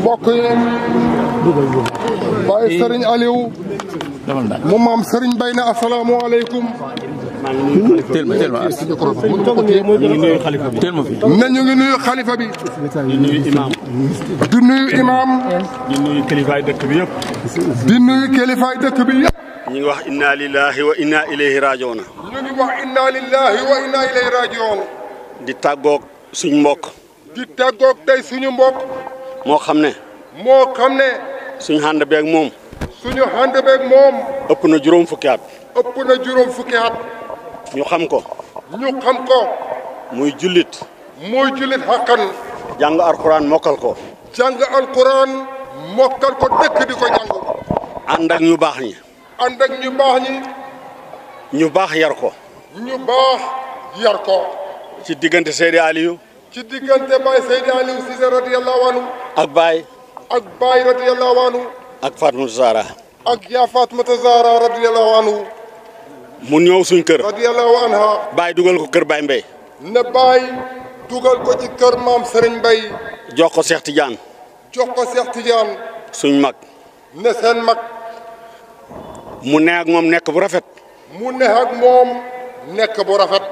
mbokk yi waaye Serigne Aliou mu maam Serigne Bay na asalaamaaleykum teel ma teel ma as na ñu ngi nuyu xalifa bi. di nuyu imaam. di nuyu imaam. di nuyu kilifaay dëkk bi yëpp. di nuyu kilifaay dëkk bi yëpp. ñu ngi wax inna lillahi wa inna ilayhi raaji'uun. ñu ngi wax inna lillahi wa inna ilayhi raaji'uun. di tàggoog suñ mbokk. di tàggoog suñu mbokk. moo xam ne. moo xam ne. suñu ànd moom. suñu ànd beeg moom. ëpp na juróom fukki ëpp na juróom fukki ñu xam ko. ñu xam ko. muy jullit. muy jullit xàqan. jàng alquran mokkal ko. jàng alquran. mokkal ko dëkk di ko jàng. ànd ak ñu baax ñi. ànd ak ñu baax yar ko. ñu baax yar ko. ci diggante Seydi Aliou. ci diggante Baye Seydi Aliou Cissé radiyallahu ak Baye. ak ak Fatoumata Zahra. ak yaa Fatoumata Zahra radiyallahu mu ñëw suñ kër. radiyallahu anha. Baye dugal ko kër Baye Mbaye. ne Baye dugal ko ci kër maam Serigne Mbaye. jox ko Cheikh Tidiane. jox ko Cheikh Tidiane. suñ mag. ne seen mag. mu ne ak moom nekk bu rafet. mu ne ak moom nekk bu rafet.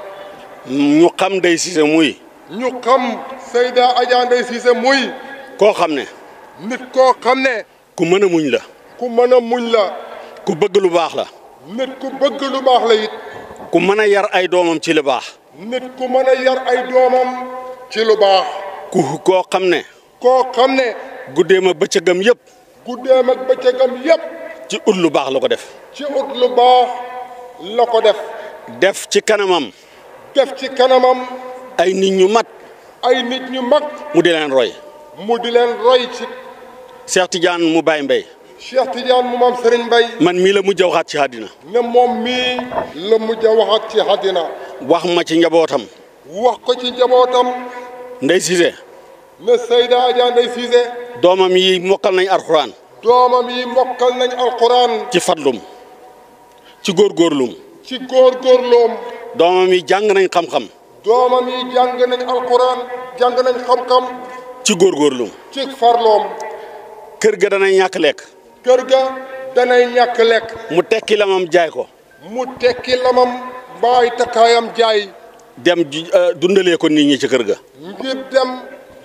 ñu xam day Cissé muy. ñu xam Seyda Adja Ndeye Cissé muy. koo xam ne. nit koo xam ne. ku mën a muñ la. ku mën a muñ la. ku bëgg lu baax la. nit ku bëgg lu baax la ku mën a yar ay doomam ci lu baax. nit ku mën a yar ay doomam ci lu baax. ku koo xam ne. koo xam ne. guddeem ak bëccëgam yëpp. guddeem ak bëccëgam yëpp. ci ut lu baax la ko def. ci ut lu baax la ko def. def ci kanamam. def ci kanamam. ay nit ñu mat. ay nit ñu mag. mu di leen roy. mu di leen roy ci. Cheikh Tidiane mu Baye Mbaye. Cheikh Tidiane mu maam Serigne man mii la mujj a waxaat ci àddina. ne moom mii la mujj a waxaat ci àddina. wax ma ci njabootam. wax ko ci njabootam. Ndey Cissé. ne Seyda Adja Ndey Cissé. doomam yi mokkal nañ alxuraan. doomam yi mokkal nañ alxuraan. ci fadlum ci góorgóorlum. ci góorgóorlum. doomam yi jàng nañ xam-xam. doomam yi jàng nañ alquran jàng nañ xam-xam. ci góorgóorlu. ci farloom. kër ga danay ñàkk lekk. kër ga danay ñàkk lekk. mu tekki lamam jaay ko. mu tekki lamam mbaay takkaayam jaay. dem euh, dundale ko nit ñi ci kër ga. ngir dem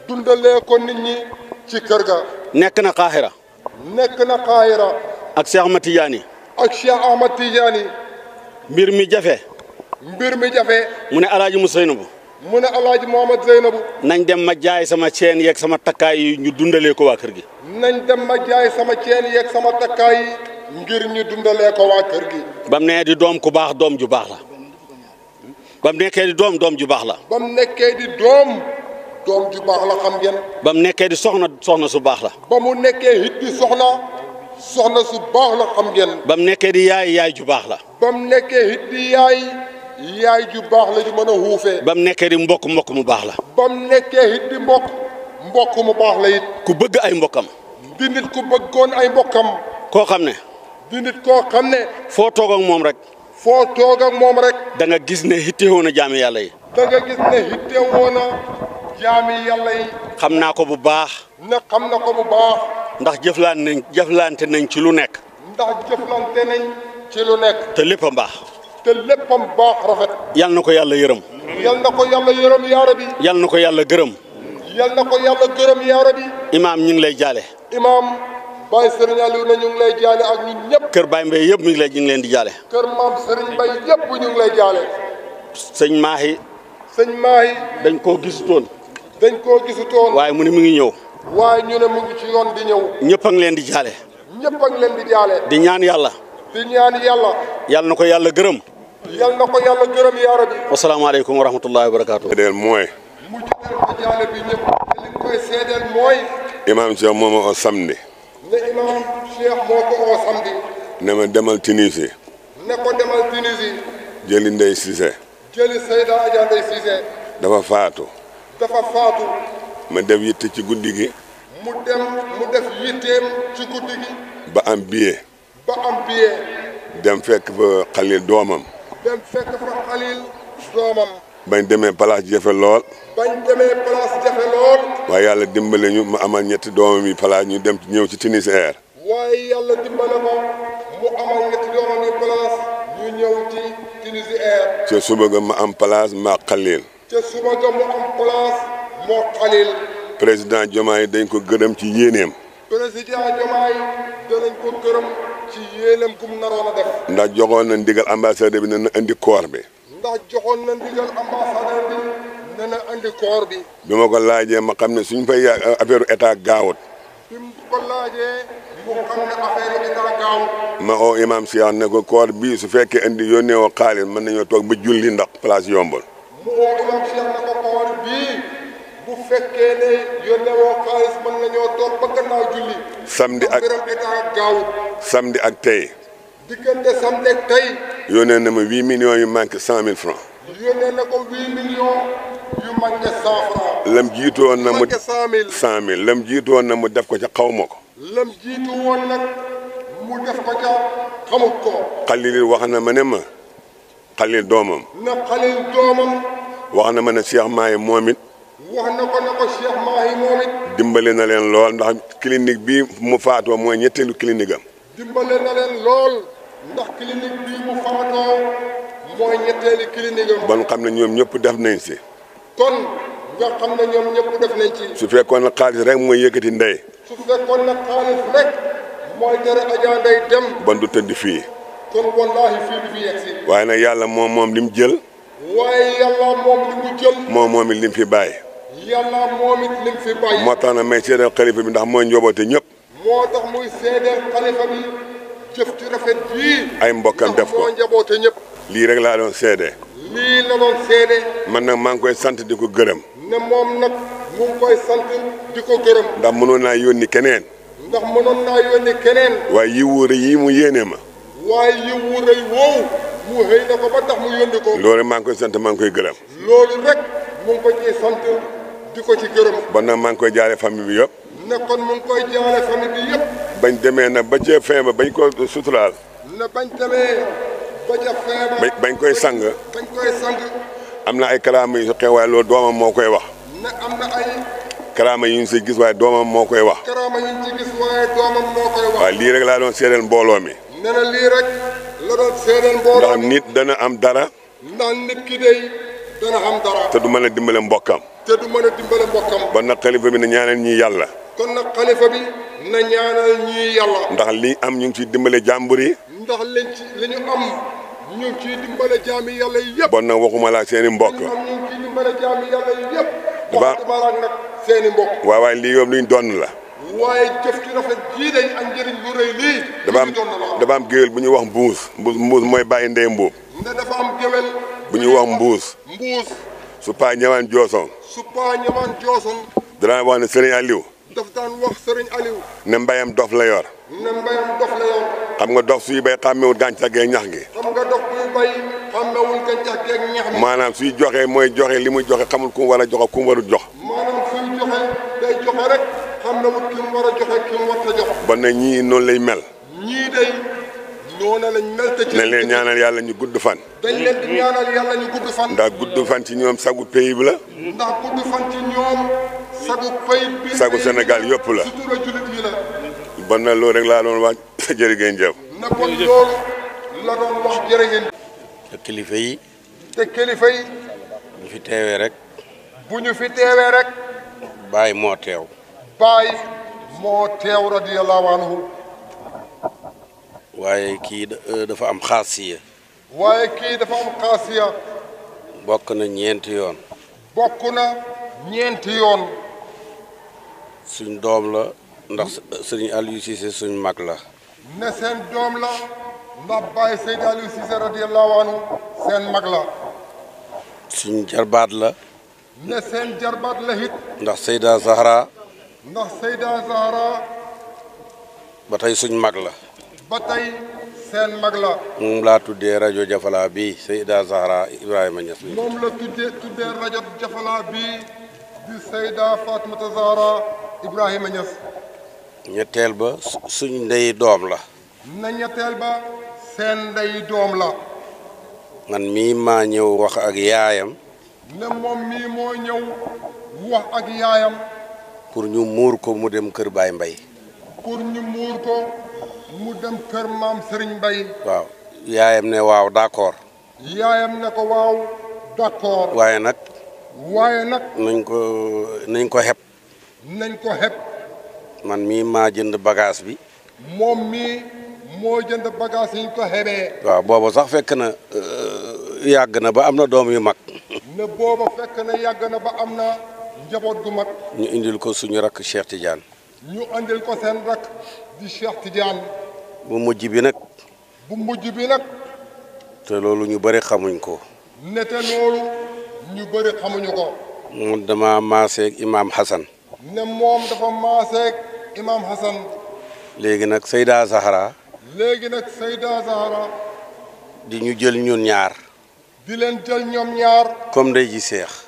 dundalee ko nit ñi ci kër ga. nekk na Qahira. nekk na Qahira. ak Cheikh Ahmad Tidiane. ak Cheikh Ahmad Tidiane. mbir mi jafe. mbir mi jafe. mu ne alaaji mu Seynabu mu ne alaaji Mohamad Seynabu nañ dem ma jaay sama ceen yeeg sama takkaay ñu dundalee ko waa kër gi nañ dem ma jaay sama ceen yeg sama takkaay yi ngir ñu dundalee ko waa kër gi ba nee di doom ku baax doom ju baax la bam nekkee di doom doom ju baax la bam nekkee di doom doom ju baax la xam nekkee di soxna soxna su baax la ba mu nekkee it di su baax la xam ngeen bam nekkee di yaay yaay ju baax la bam nekkee di yaay yaay ju baax la ñu mën a xuufee. ba mu nekkee di mbokk mbokk mu baax la. ba mu nekkee it di mbokk mbokk mu baax la it. ku bëgg ay mbokkam. di nit ku bëggoon ay mbokkam. koo xam ne. di nit koo xam ne. foo toog ak moom rek. foo toog moom rek. da gis ne hittewoo na jaami yàlla yi. da xam naa ko bu baax. ne xam na ko bu ndax jëflante nañ jëflante nañ ci lu nekk. ndax ci lu nekk. te lépp a mbaax. te léppam baax rafet. yal na ko yàlla yërëm. yal na ko yàlla yërëm yaa rabbi. yal na ko yàlla gërëm. yal na ko yàlla gërëm yaa rabbi. imaam ñu ngi lay jaale. imaam Baye Serigne Aliou na ñu ngi lay jaale ak ñun ñëpp. kër Baye Mbaye yëpp mi ngi lay ñu leen di jaale. kër maam Serigne Mbaye yëpp ñu ngi lay jaale. sëñ Mahi. sëñ Mahi. dañ koo gisutoon. koo gisutoon. waaye mu ne mu ngi ñëw. waaye ñu ne mu ci yoon di ñëw. ñëpp a leen di jaale. ñëpp leen di jaale. di ñaan yàlla. di yàlla. yàlla na ko yàlla gërëm. yàlla na ko yàlla gërëm yaa rabbi. wasalaamaaleykum wa barakaatu. mooy. mu jël ko jaale bi ñëpp. te koy seedeel mooy. imaam Cheikh moom moo samedi. ne imaam Cheikh moo ko oo samedi. ne ma demal Tunisie. ne ko demal Tunisie. jëli Ndeye Cissé. jëli Seyda Adja Ndeye Cissé. dafa faatu. dafa faatu. ma def yitte ci guddi mu def yitteem ci guddi ba am billet. ba am billet. dem fekk fa xalil doomam. dem fekk fa xalil doomam. bañ demee place jafe lool. bañ demee place jafe lool. waaye yàlla dimbale ñu mu amal ñetti doomam yi place ñu dem ñëw ci Tunisair. waaye yàlla dimbale ko mu amal ñetti doomam yi ñu ñëw ci Tunisair. ca suba ga ma am place ma xalil. ca suba ga mu am place moo xalil. président Diomaye dañ ko gërëm ci yéeneem. président Diomaye danañ ko gërëm ci yéenam gum naroon def ndax joxoon na ndigal ambassadeur bi ne na indi koor bi ndax joxoon na ndigal ambassadeur bi ne na indi koor bi bi ma ko laajee ma xam ne suñ fay euh, affaire état gaawut bi mu ko laajee mu xam ne affaire état gaawut ma oo imam Sian ne ko koor bii su fekkee indi yónnee woo xaalis mën nañoo toog ba julli ndax place yombul mu oo imam Sian ne ko koor bii bu fekkee ne yónnee woo xaalis mën nañoo toog julli. samedi ak tey. diggante samedi ak tey. yónnee na ma huit millions yu manqué cent mille francs. yónnee na ko huit millions yu manqué cent lam jiitu woon na mu def ko ca xaw ma ko. lam jiitu woon nag mu def ko ca xamut ko. xalil wax na ma ne ma xalil doomam. na xalil doomam. wax na ma ne Cheikh Maye moom wax na ko na ko Cheikh Mahi moom dimbale na leen lool ndax kilinig bi mu faatoo mooy ñetteelu clinique am. dimbale na leen lool ndax clinique bi mu faatoo mooy ñetteelu clinique am. xam ne ñoom ñëpp def nañ si. kon nga xam ne ñoom ñëpp def nañ ci. su fekkoon na xaalis rek mooy yëkkati ndey. su fekkoon na xaalis rek mooy tere Adja dem. bon du tëdd fii. kon wallaahi fii du fi yegg si. waaye na yàlla moom moom li jël. waaye yàlla moom li mu jël. moom yàlla moom it lim fi bàyyi. moo tax na may seedeel xalifa bi ndax mooy njoboote ñëpp. moo tax muy seedeel xalifa bi jëf ci rafet jii. ay mbokkam def ko moo njaboote ñëpp. lii rek laa doon seede. lii la doon seede. man nag maa ngi koy sant di ko gërëm. ne moom nag mu ngi koy sant di ko gërëm. ndax mënoon naa yónni keneen. ndax mënoon naa yónni keneen. waaye yi wuure yi mu yéene ma. waaye yi wuure woowu mu xëy na ko ba tax mu yónni ko. loolu maa ngi koy sant maa ngi koy gërëm. di ko ci maa ngi koy jaaree famil bi yëpp. ne kon mu koy jaaree famille bi yëpp. bañ demee nag ba ca bañ ko suturaal. ne bañ demee ba ca bañ koy sang. am na ay kalaama yu si xew loolu doomam moo koy wax. ne am na ay. karaama yi ñu gis waaye doomam moo koy wax. karaama lii rek laa doon seedeel mbooloo mi. nee na rek la doon seedeel mbooloo dana am dara. ndax nit ki day dana am dara. te du mën a dimbale mbokkam. te du mën dimbale mbokkam. ba nag xalifa bi na ñaanal ñii yàlla. kon nag xalifa ndax li am ñu ngi ciy dimbale jàmbur yi. ndax lañ ci li ñu am ñu ngi dimbale jaami yàlla la seen i yàlla yëpp. dafa wax nag seen mbokk. waaw lii yow luñ doon la. waaye jëf ci rafet jii dañ am njëriñ lu lii. dafa am dafa bu ñuy wax mbuus. mbuus mbuus mooy bàyyi ndey mbuub. ne dafa am géwél. bu ñuy wax mbuus. mbuus. su paa ñëwaan su paa ñamaan jooson wax ne sëriñ Aliou daf daan wax sëriñ Aliou ne mbayam dof la yor ne mbayam dof la xam nga dof suy bay xàmmewul gàncax gee ñax gi xam nga dof buy bay xàmmewul gàncax gee ñax maanaam suy joxe mooy joxe li muy joxe xamul ku mu war a jox ku mu joxe day na wut ki war a jox ba ne ñii noonu lay mel ñii day noona lañ mel te ci nañ leen ñaanal yàlla ñu gudd fan dañ leen di ñaanal yàlla ñu gudd fan ndax gudd fan ci ñoom sagu pays bi la ndax gudd fan ci ñoom sagu pays bi sagu Sénégal yëpp la sutura julit yi la bon na loolu rek laa doon wax jërë ngeen jëf na kon loolu la doon wax jërë te kilifa yi te kilifa yi bu fi teewee rek bu ñu fi teewee rek Baay moo teew Baay moo teew radiyallahu anhu waaye kii euh, dafa am xaasiya waaye kii dafa am xaasiya bokk na ñeenti yoon bokk na ñeenti yoon suñ doom la ndax sëriñ Aliou Cissé suñ mag la ne seen doom la ndax Baye Seydi Aliou Cissé radiyallahu anhu seen mag la suñ jarbaat la ne seen jarbaat la it ndax Seyda Zahra ndax Seyda Zahra ba tey suñ mag la ba seen mag la. moom laa tuddee rajo Jafala bi Seyda Zahra Ibrahima Niass. moom la tuddee tuddee rajo Jafala bi di Seyda Fatimata Zahra Ibrahima Niass. ñetteel ba suñ ndey doom la. na ñetteel ba seen ndey doom la. man mii maa ñëw wax ak yaayam. ne moom mii moo ñëw wax ak yaayam. pour ñu muur ko mu dem kër Baye Mbaye. pour ñu muur ko mu dem kër maam bay Mbaye. waaw yaayam ne waaw d'accord. yaayam ne ko waaw d'accord. waaye nag. waaye nag. nañ ko nañ ko xeeb. nañ ko xeeb. man mii maa jënd bagaas bi. moom mii moo jënd bagage yiñ ko xebee. waaw booba sax fekk na euh, yàgg na ba am na doom yu mag. ne booba fekk na yàgg na ba am na njaboot gu mag. ñu indil ko suñu rakk Cheikh Tidiane. ñu indil ko seen rakk. di Cheikh Tidiane. bu mujj bi nag. bu mujj bi nag. te loolu ñu bëri xamuñ ko. ne te loolu ñu bëri xamuñu ko. moom dama maaseeg imaam Hassan. ne moom dafa maaseeg imaam Hassan. léegi nag Seyda Zahara. léegi nag Seyda Zahara. di ñu jël ñun ñaar. di leen jël ñoom ñaar. kom ndey ji seex.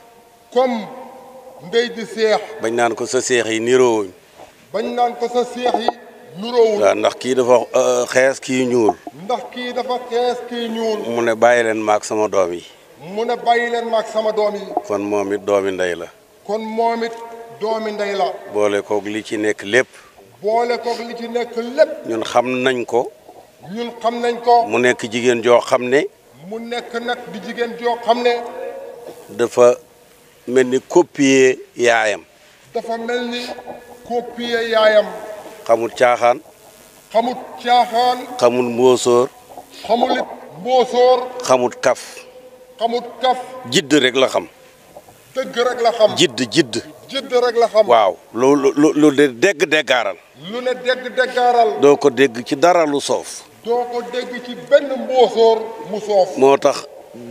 kom ndey ji seex. bañ naan ko sa seex yi niroowuñ. bañ naan ko sa seex nuroowul euh, ndax kii dafa xees kii ñuul. ndax kii dafa mu ne bàyyi leen maak sama doom yi. mu ne bàyyi leen maak sama doom yi. kon moom it doomi ndey la. kon moom it doomi ndey la. boole koog li ci nekk lépp. boole koog li ci nekk lépp. ñun xam nañ ko. ñun xam nañ ko. mu nekk jigéen joo xam ne. mu nekk nag di jigéen joo xam ne. dafa mel ni copier yaayam. dafa mel ni copier yaayam. xamul caaxaan. xamul caaxaan. xamul mbóosóor. xamul kaf. xamul kaf. jidd rek la xam. dëgg jidd jidd. jidd rek la waaw lu lu lu de dégg déggaaral. lu ne dégg déggaaral. doo ko dégg ci dara lu soof. moo tax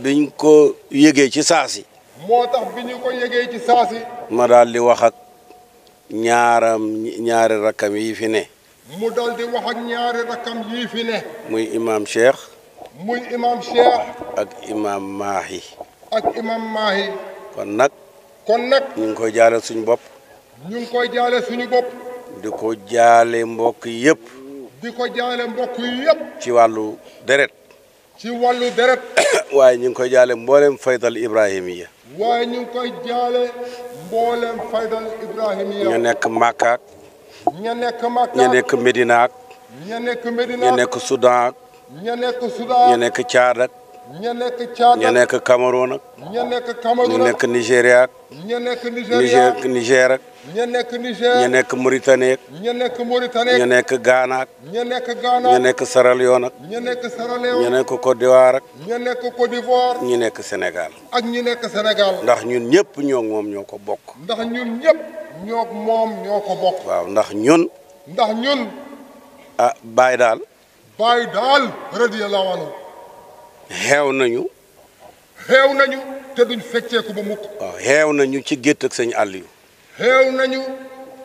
biñ ko yëgee ci saasi. moo tax bi ko yëgee ci saasi. ma daal di wax ñaaram ñaari rakkam yi fi ne. mu dal di wax ak ñaari rakkam yi ne. muy imaam Cheikh. muy imaam Cheikh. ak imaam Mahi. ak imaam Mahi. kon nag. kon nag. ñu ngi koy jaale suñu bopp. ñu ngi koy jaale suñu bop di ko jaale mbokk yëpp. di ko jaale mbokk yëpp. ci wàllu deret. ci wàllu deret. waaye ñu ngi koy jaale mboolem Faydal yi waaye ñu ngi koy jaale mboolem faydal Ibrahima. ña nekk Makka ak. ña nekk Makka ña nekk Medina ak. ña nekk Medina ña nekk Soudan ak. ña nekk Soudan ña nekk Tchad ak. ña nekk Tchad ña nekk Cameroun ak. ña nekk Cameroun ak ña nekk Nigéria ak. ña nekk Nigéria ak. ña nekk Niger ña nekk Mauritanie ña nekk Mauritanie ña nekk Ghana ak nekk Ghana ña nekk Sierra Leone ak ña nekk Sierra Leone ña nekk Côte d'Ivoire ak ña nekk Côte d'Ivoire ñi nekk Sénégal ak ñi nekk ndax ñun ñëpp ñoo moom ñoo ko bokk ndax ñun ñëpp ñoo moom ñoo ko bokk waaw ndax ñun ndax ñun a ah, Baye daal Baye daal radiyallahu anhu xeew nañu xeew nañu te duñ fecceeku ba mukk waaw xeew nañu ci gétt ak sëñ xeew nañu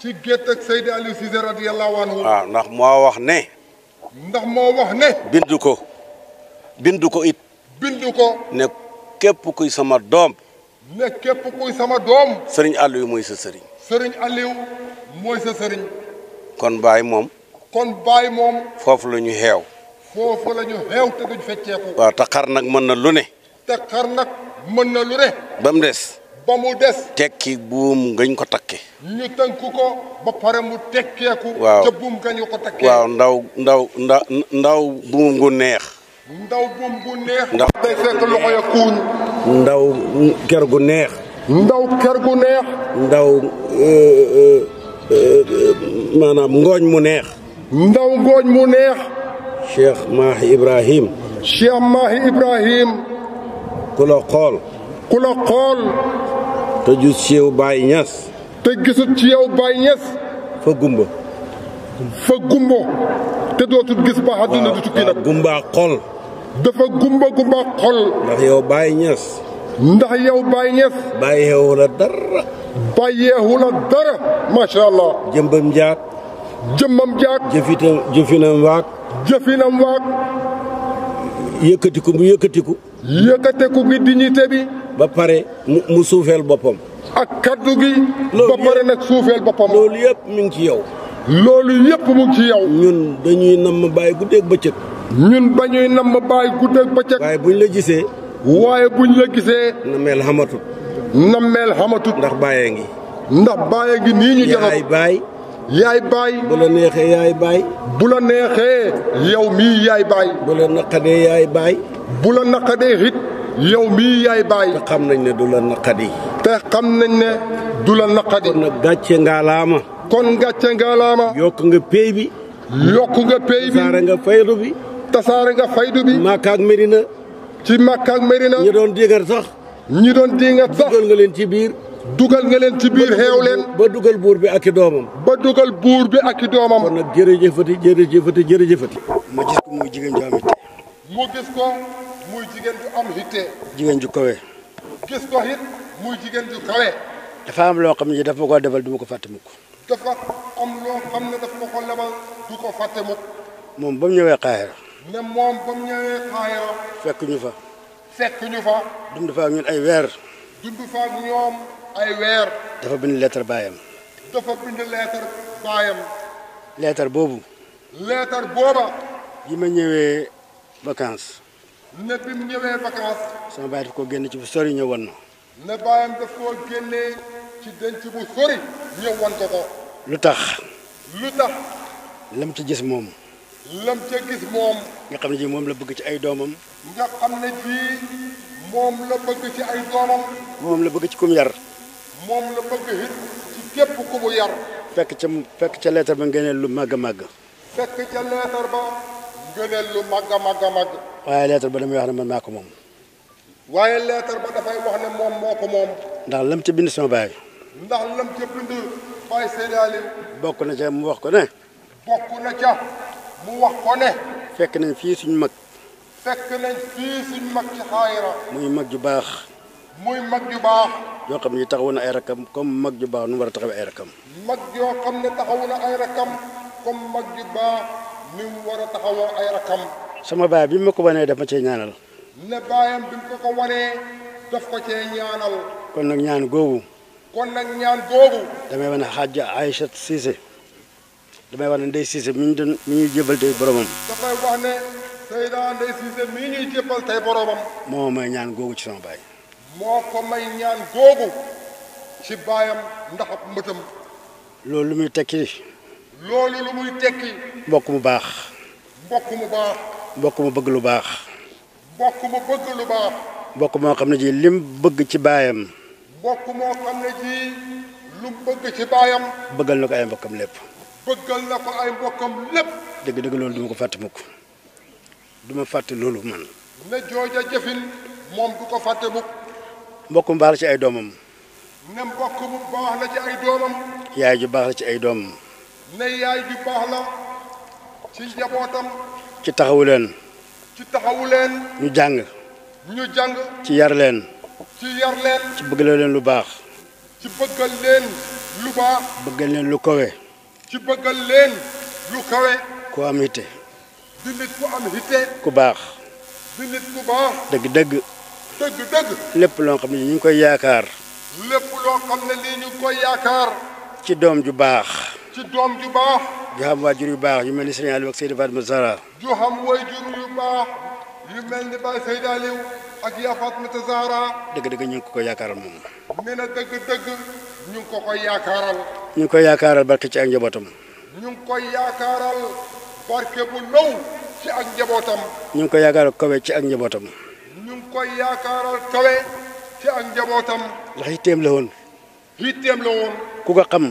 ci gétt ak Seydi Aliou Cissé radiyallahu anhu waaw ah, ndax moo wax ne. ndax moo wax ne. bindu ko bindu ko it. bindu ko. ne képp kuy sama doom. ne képp kuy sama doom. sëriñ Aliou mooy sa sëriñ. sëriñ Aliou mooy sa sëriñ. kon baay moom. kon baay moom. foofu la ñu xeew. foofu la ñu xeew te duñ fecceeku. waaw te nag mën na lu ne. te xar nag mën na lu ne. ba mu des. ba mu des. tekki buum gañ ko takke ñu tënku ko ba pare mu tekkeeku. waaw ca buum ngañu ko takkee. waaw ndaw ndaw ndaw ndaw buum gu neex. ndaw buum gu neex. ndax day ndaw ker gu neex. ndaw ker gu neex. ndaw euh, euh, euh, maanaam ngooñ mu neex. ndaw ngooñ mu neex. Cheikh Mahi Ibrahim. Cheikh Mahi Ibrahim. ku la xool. kula xol te jus ci yow bay ñas te gisut ci yow bay ñas fa gumba fa gumbo te do tut gis ba aduna du tukki nak gumba xol dafa gumba gumba xol ndax yow bay ñas ndax yow bay ñas bay yow la dar bay yow la dar ma sha allah jëmbam jaak jëmbam jaak jëfite jëfina waak jëfina waak yëkëti ko mu yëkëti ko yëkëte ko gi dignité bi ba pare mu mu suufeel boppam. ak kaddu gi. ba pare nag suufeel boppam. loolu yëpp mi ngi ci yow. loolu yëpp mu ci yow. ñun dañuy namm bàyyi guddeeg bëccëg. ñun bañuy namm bàyyi guddeeg bëccëg. waaye buñ la gisee. waaye buñ la gisee. nammeel xamatut. nammeel xamatut. ndax bàyyee ngi. ndax bàyyee ngi nii ñu. jaxas yaay baay. yaay baay. bu la neexee yaay yow mii yaay baay. bu la naqadee yaay baay. bu la naqadee it. yow mii yaay bàyyi. te xam nañ ne du la naqadi. te xam nañ ne du la naqadi. kon nag gàcce ngaalaama. kon gàcce ngaalaama. yokk nga pay bi. yokk nga pay bi tasaare nga faydu bi. tasaare nga faydu bi. Makka ak Medina. ci Makka ak Medina. ñi doon diingat sax. ñi doon diingat sax dugal nga leen ci biir. dugal nga leen ci biir xeew leen. ba dugal buur bi ak i doomam. ba dugal buur bi ak i doomam. kon nag jërëjëfati jërëjëfati jërëjëfati. ma gis ko muy jigéen jaamit. mu gis ko. muy jigéen ju dafa am loo xam ne daf ma ko defal du dafa ma ko lebal du ko fàtte mukk. moom ba mu ñëwee Kaayara. ne moom ba mu ñëwee Kaayara. fekk ñu fa. fekk ñu fa. dund fa ak ay weer. dafa bind leetar leetar baayam. leetar boobu. leetar booba. bi ma ñëwee vacances. ne bi mu sama baay daf koo génne ci bu sori ñëw wan na. ne baayam daf koo génne ci denc bu sori ñëw ko ko. lu tax. lu tax. lam ci gis moom. lam ca gis moom. nga xam ne ji moom la bëgg ci ay doomam. moom la bëgg ci ay doomam. moom la bëgg ci kum yar. moom la bëgg it ci képp ku mu yar. fekk ca fekk ca leetar ba ngeen lu màgg a màgg. fekk ca leetar ba. gënal lu màgg a màgg waaye leetar ba damay wax ne man moom. moo ko moom. ndax lam ca bind sama baay. ndax lam ca bind baay Seydi bokk na ca mu wax ko ne. bokk na ca mu wax ko ne. fekk nañ fii suñu mag. fekk nañ fii suñu mag ci xaayira. muy mag ju baax. muy mag ju baax. yoo xam ne taxawu na ay rakam comme mag ju baax nu mu xam ne taxawu na ay rakam comme mag ju baax. ni mu war a taxawoo ay rakam. sama baay bi mu ma ko wanee daf ma cee ñaanal. ne baayam bi mu ko ko wanee daf ko cee ñaanal. kon nag ñaan googu. kon nag ñaan googu. damay wane xaaj Aïcha Cissé damay wax ne Ndeye Cissé mi ñu doon mi ñuy jébal tey boromam. dafay wax ne Seyda Ndeye Cissé mi ñuy tey boromam. moo may ñaan googu ci sama baay. moo ko may ñaan googu ci baayam ndax ak loolu lu muy tekki. loolu lu muy tekki. mbokk mu baax. mbokk mu baax. mbokk mu bëgg lu baax. mbokk mu bëgg baax. mbokk xam ne ci baayam. bëgg ci baayam. bëggal na ko ay mbokkam lépp. bëggal ko ay duma fàtte mukk duma fàtte mu baax la ci ay doomam. ne mbokk mu baax la ci ay doomam. yaay ju baax la ci ay doomam. ne du ci ci ñu ñu ci ci ci lu baax. ci lu baax. lu ci lu ci doom ju baax. ju xam waajur yu baax yu mel ni Serigne Aliou ak Seydou Fatma Zahra. ju xam dëgg-dëgg ñu ko koy yaakaaral moom. nee dëgg-dëgg ñu ngi ko koy yaakaaral. ñu barke ci ak njabootam. ñu ngi yaakaaral barke ci ak njabootam. ñu ngi koy yaakaaral kawe ci ak njabootam. ñu ngi koy yaakaaral kawe ci ak la woon. ku ko xam.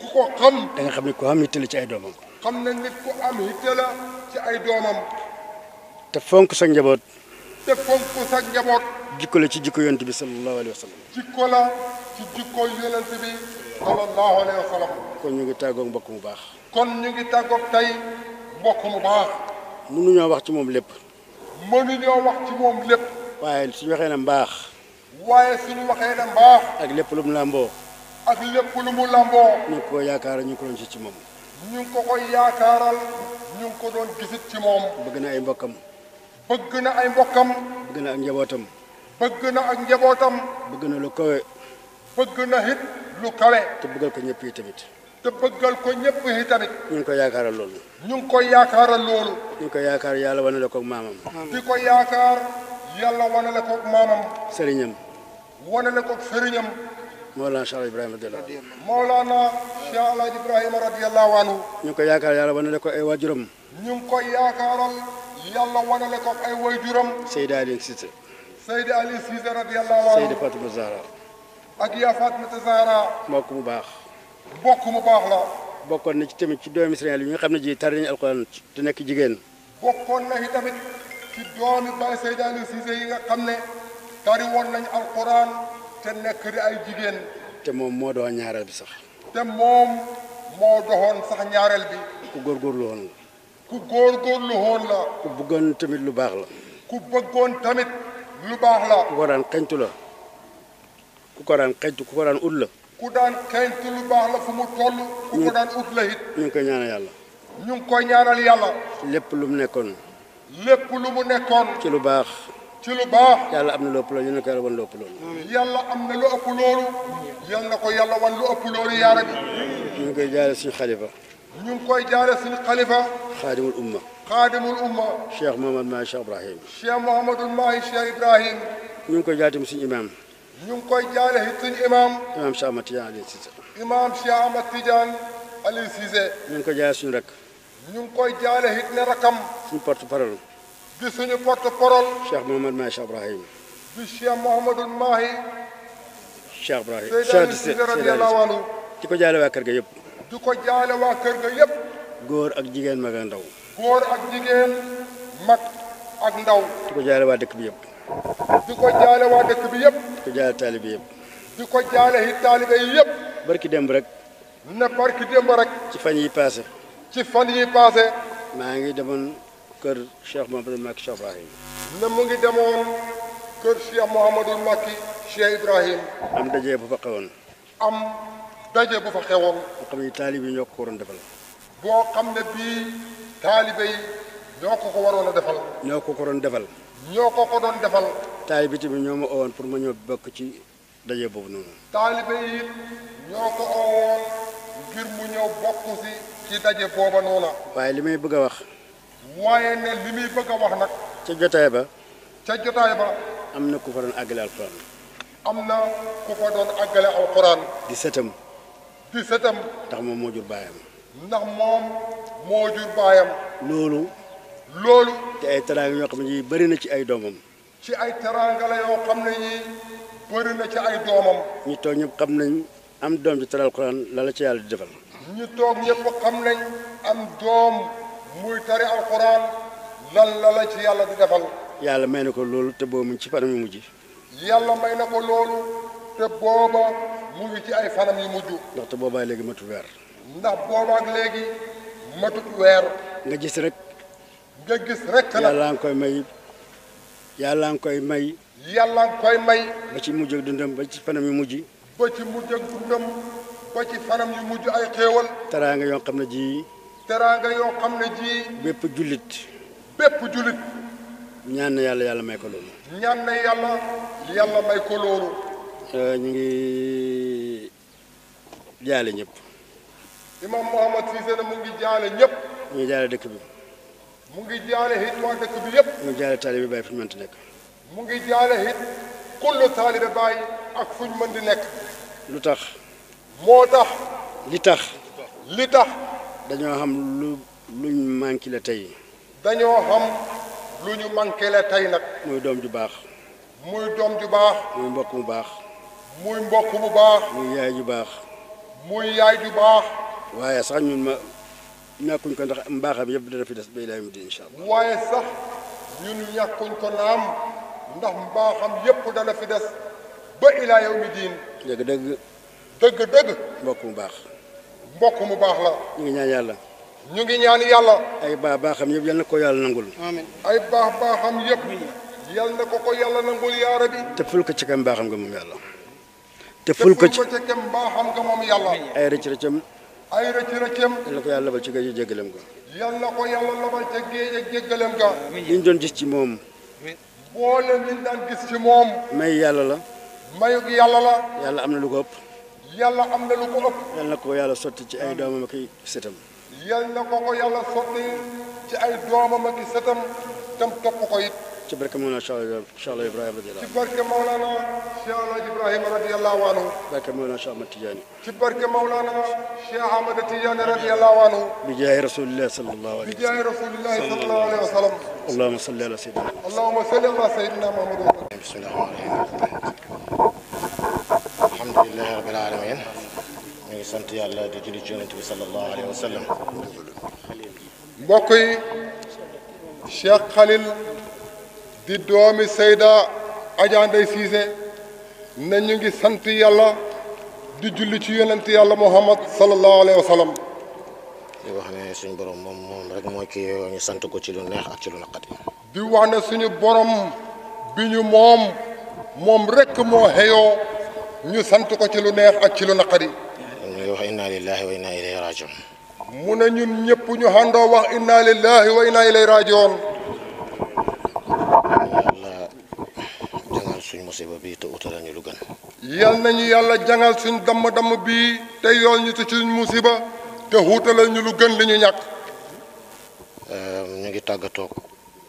ku ko xam. da xam ne ku am yitte ci ay doomam. xam nañ nit ku am yitte ci ay doomam. te fonk sa njaboot. te fonk sa njaboot. jikko la ci jikko yonent bi sallallahu alayhi wa kon ñu ngi tàggoog mbokk mu baax. kon ñu ngi tàggoog tey mbokk mu baax. mënuñoo wax ci moom lépp. mënuñoo wax ci moom lépp. waaye suñu waxee na mbaax. waaye suñu waxee na mbaax. ak lépp lu mu làmboo. ak lépp lu mu lamboo. ñu ngi ko yaakaar ñu ngi ko doon gis ci moom. ñu ngi ko koy yaakaaral ñu ngi ko doon gisit ci moom. bëgg na ay mbokkam. bëgg na ay mbokkam. bëgg na ak njabootam. bëgg na ak njabootam. bëgg na lu kawe. bëgg na it lu kawe. te bëggal ko ñëpp yi tamit. te bëggal ko ñëpp yi tamit. ñu ngi ko yaakaaral loolu. ñu ngi ko yaakaaral loolu. ñu ngi ko yaakaar yàlla wane la ko maamam. di ko yaakaar yàlla wane la ko maamam. sëriñam. wane la ko sëriñam. Mawlana Cheikh Ibrahima radiyallahu anhu. Mawlana Cheikh Ibrahima radiyallahu anhu. ñu ngi ko yaakaar yàlla wanale ko ay waajuram. ñu ngi ko yaakaaral yàlla wanale ko ay waajuram. Seydi Aliou Cissé. Seydi Aliou Cissé radiyallahu anhu. Seydi Fatima Zahra. ak yaa Fatima Zahra. mbokk mu baax. mbokk mu baax la. bokkoon na ci tamit ci doomi Israël yi nga xam ne ji tari nañu alquran te nekk jigéen. bokkoon na ci tamit ci doomi Baye Seydi Aliou Cissé yi nga xam ne tari woon nañu alquran. te nekk di ay jigéen. te moom moo doon ñaareel bi sax. te moom moo doxoon sax ñaareel bi. ku góor woon la. ku góorgóorlu woon la. ku bëggoon tamit lu baax la. ku bëggoon tamit lu baax la. ku ko daan xeñtu la. ku ko daan ko daan ut la. ku daan xeñtu lu baax la fu mu toll. ku ko daan ut la it. ñu ngi koy yàlla. ñu ngi koy ñaanal yàlla. lépp lu mu nekkoon. lépp lu mu nekkoon. ci lu baax. ci lu baax. yàlla am na lu ëpp loolu yal na ko yàlla wan lu ëpp loolu. yàlla am na lu ëpp loolu. yal na ko yàlla wan lu ëpp loolu yaa rabbi. ñu ngi koy jaaree suñu xalifa. ñu ngi koy jaaree suñu xalifa. xaadimul umma. xaadimul umma. cheikh Mouhamad Mahi cheikh Ibrahim. cheikh Mouhamadul Mahi cheikh Ibrahim. ñu ngi koy jaaree tamit suñu imaam. ñu ngi koy jaaree suñu imaam. imaam Cheikh Ahmad Tidiane Aliou Cissé. imaam Cheikh Ahmad Tidiane Aliou Cissé. ñu ngi koy jaaree suñu rakk. ñu ngi koy jaaree it ne rakkam. suñu porte parole. di suñu porte parole. Cheikh Mouhamad Mahi Cheikh Ibrahim. di Cheikh Mouhamadul Mahi. Cheikh Ibrahim di ko jaale waa kër ga yëpp. di ko jaale waa kër góor ak jigéen mag ak ndaw. góor ak jigéen mag ak ndaw. di ko jaale waa dëkk bi yëpp. di ko jaale waa dëkk bi yëpp. di ko jaale taalibe yëpp. di ko jaale yi taalibe yi barki démb rek. ne barki démb rek. ci fan yi paase. ci fan yi paase. maa ngi demoon. kër Cheikh Mouhamadul Makki Cheikh Ibrahim. ne mu ngi demoon kër Cheikh Mouhamadul Makki Cheikh Ibrahim. am daje bu fa xewoon. am daje bu fa xewoon. boo xam ne taalibe yi ñoo ko waroon defal. boo xam ne bii taalibe yi ñoo ko ko waroon a defal. ñoo ko ko doon defal. ñoo ko ko doon defal. taalibe bi tamit ñoo ma owoon pour ma ñëw bokk ci daje boobu noonu. taalibe yi ñoo ko owoon ngir mu ñëw bokk ci daje booba noonu. waaye li may bëgg a wax. waaye ne li muy bëgg a wax nag. ca jotaay ba. ca jotaay ba. am na ku fa doon àggale alquran. na ku fa doon àggale alquran. di sëtam. di sëtam. ndax moom moo jur baayam. ndax moom moo jur baayam. loolu. loolu. te ay teraanga yoo xam ne yii bëri na ci ay doomam. ci ay teraanga la yoo xam ne yii bëri na ci ay doomam. ñu toog ñëpp xam nañ am doom ci teral alquran la la ci yàlla di ñu toog ñëpp xam nañ am doom. muy tari alquran lan la la ci yàlla di defal. yàlla may na ko loolu te boobu mu ngi ci fanam yu mujj. yàlla may na ko loolu te booba mu ci ay fanam mujj. ndaxte boobaay léegi matu weer. ndax boobaak léegi matut weer. nga gis rek. nga gis rek. yàlla nga koy may yàlla nga koy may. yàlla nga koy may. ba ci mujj ak dundam ba ci fanam yu mujj. ba ci mujj ak dundam ba ci fanam yu mujj ay xéewal. teraanga yoo xam ne ji. teraanga yoo xam ne ji. bépp jullit. bépp jullit. ñaan na yàlla yàlla may ko loolu. ñaan na yàlla euh, ñu ngi jaale ñëpp. imam Mouhamad Cissé na mu ngi jaale ñëpp. mu ngi jaale dëkk bi. mu ngi jaale it waa dëkk bi yëpp. mu ngi jaale taalibe Baay fu ñu mën di nekk. mu ngi jaale it kullu taalibe Baay ak fu ñu mën di nekk. lu tax. moo tax. li tax. li tax. dañoo xam lu luñ manqué la tey. dañoo xam lu ñu manqué la tey nag. muy doom ju baax. muy doom ju baax. muy mbokk mu baax. muy mbokk mu baax. muy yaay ju baax. muy yaay ju baax. waaye sax ñun ma ñàkkuñ ko ndax mbaaxam yëpp dana fi des ba ilaa mi di incha waaye sax ñun ko naam ndax mbaaxam yëpp dana fi des ba ilaa yow mi diin. dëgg dëgg. dëgg dëgg. mbokk mu baax. mbokk mu baax la. ñu ngi ñaan yàlla. ñu ngi ñaan yàlla. ay baax baaxam yëpp yal na ko yàlla nangul. amiin ay baax baaxam yal na ko ko yàlla nangul yaa rabbi. te ful ko ci kam baaxam nga moom yàlla. te ful ko ci kam baaxam nga moom yàlla. ay rëcc rëccam. ay rëcc rëccam. yal na ko yàlla labal ci géej jéggalem ga. yal ko ci géej jéggalem ga. li ñu doon gis ci moom. boole li ñu daan gis ci moom. may yàlla la. mayu yàlla la. yàlla am na lu ko ëpp. yàlla am na lu ko ëpp. yal na ko yàlla sotti ci ay doomam ak i sëtam. yal na ko ko yàlla sotti ci ay doomam ak i sëtam tam topp ko it. ci barke Mawlana Cheikh Alhaji Ibrahima radiyallahu anhu. ci barke Mawlana Cheikh Alhaji Ibrahima radiyallahu anhu. barke Mawlana Cheikh Ahmad Tidiane. ci barke Mawlana Cheikh Ahmad Tidiane radiyallahu anhu. bi jaahi rasulillahi sallallahu alayhi wa sallam. bi jaahi rasulillahi sallallahu alayhi wa sallam. allahumma salli ala sayyidina. allahumma salli ala sayyidina Muhammad. bismillah. الحمد لله رب العالمين ني سنت يالله دي جولي جونتي صلى الله عليه وسلم بوكي شيخ خليل دي دومي سيدا اجان داي سيسه نانيغي سنت يالله دي جولي تي يونت يالله محمد صلى الله عليه وسلم دي واخني سيني بروم موم موم رك مو هيو ñu sant ko ci lu neex ak ci lu naqari. ñu wax inna lillahi wa inna ilayhi rajiun. mu ne ñun ñëpp ñu àndoo wax inna lillahi wa inna ilayhi rajiun. yàlla jangal suñ musiba bi te utalal ñu lu gën. yal nañu yàlla jangal suñ damm dam bi te yool ñu ci suñ musiba te utalal ñu lu gën li ñu ñàkk. Ehm, ñu ngi tàggatoo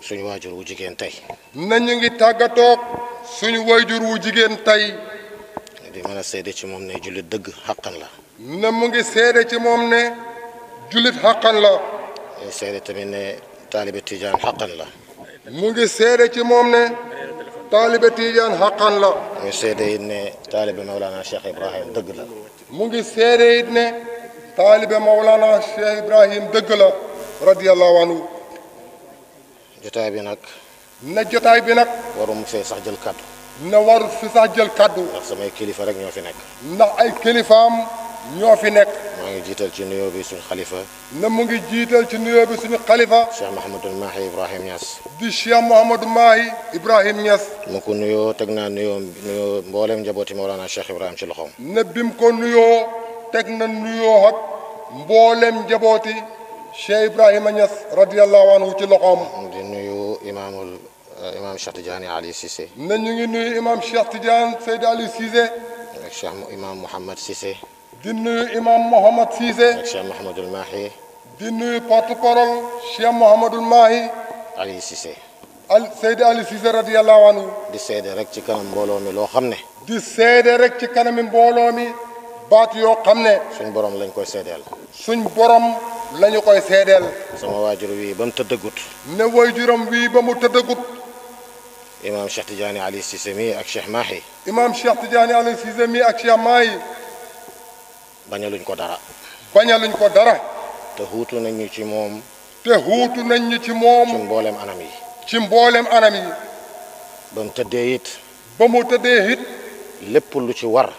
suñu waajur wu jigéen tey. na ñu ngi tàggatoo suñu waajur wu jigéen tey. di seede ci moom ne jullit dëgg xàqan la na mu ngi seede ci moom ne jullit xàqan la seede seede ci moom ne taalibe tijaan xàqan la mu ngi seede it ne taalibe Mawlana Cheikh la mu ngi seede it ne taalibe Mawlana Cheikh Ibrahim dëgg la radiyallahu anhu jotaay bi nag na jotaay bi nag waru mu fee sax jël kàddu نور فيساجل كادو سما كليفة رك نيو في نك نا أي كليفة أم نيو في نك ما يجي جيتل تنيو بيسون خليفة نم يجي جيتل تنيو بيسون خليفة شيخ محمد الماهي إبراهيم ياس دي شيخ محمد الماهي إبراهيم ياس مكون نيو تكنا نيو نيو بولم جابوتي مولانا شيخ إبراهيم شلخوم نبيم كون نيو تكنا نيو هك بولم جابوتي شيخ إبراهيم ياس رضي الله عنه شلخوم نيو إمام Euh, imaam Cheikh Tidiane Ali Cissé. na ñu ngi nuyu imaam Cheikh Tidiane Seyd Ali Cissé. ak Cheikh imaam Mouhamed Cissé. di nuyu imaam Mouhamed Cissé. ak Cheikh Mouhamadul Mahi. di nuyu porte parole Cheikh Mouhamadul Mahi. Ali Cissé. al Seyd Ali Cissé di seede rek ci kanam mbooloo mi loo xam ne. di seede rek ci kanami mbooloo mi baat yoo xam ne. suñ borom lañ koy seedeel. suñ borom. lañu koy seedeel. sama waajur wii ba mu tëddagut. ne imaam Cheikh Tidiane Ali Cissé mi ak Cheikh Mahi. imaam Cheikh Tidiane Ali Cissé mi ak Cheikh Mahi. bañaluñ ko dara. bañaluñ ko dara. te huutu nañ ñu ci moom. te huutu nañ ci moom. ci mboolem anam yi. ci mboolem anam yi. ba mu tëddee it. ba mu tëddee it. lépp lu ci war.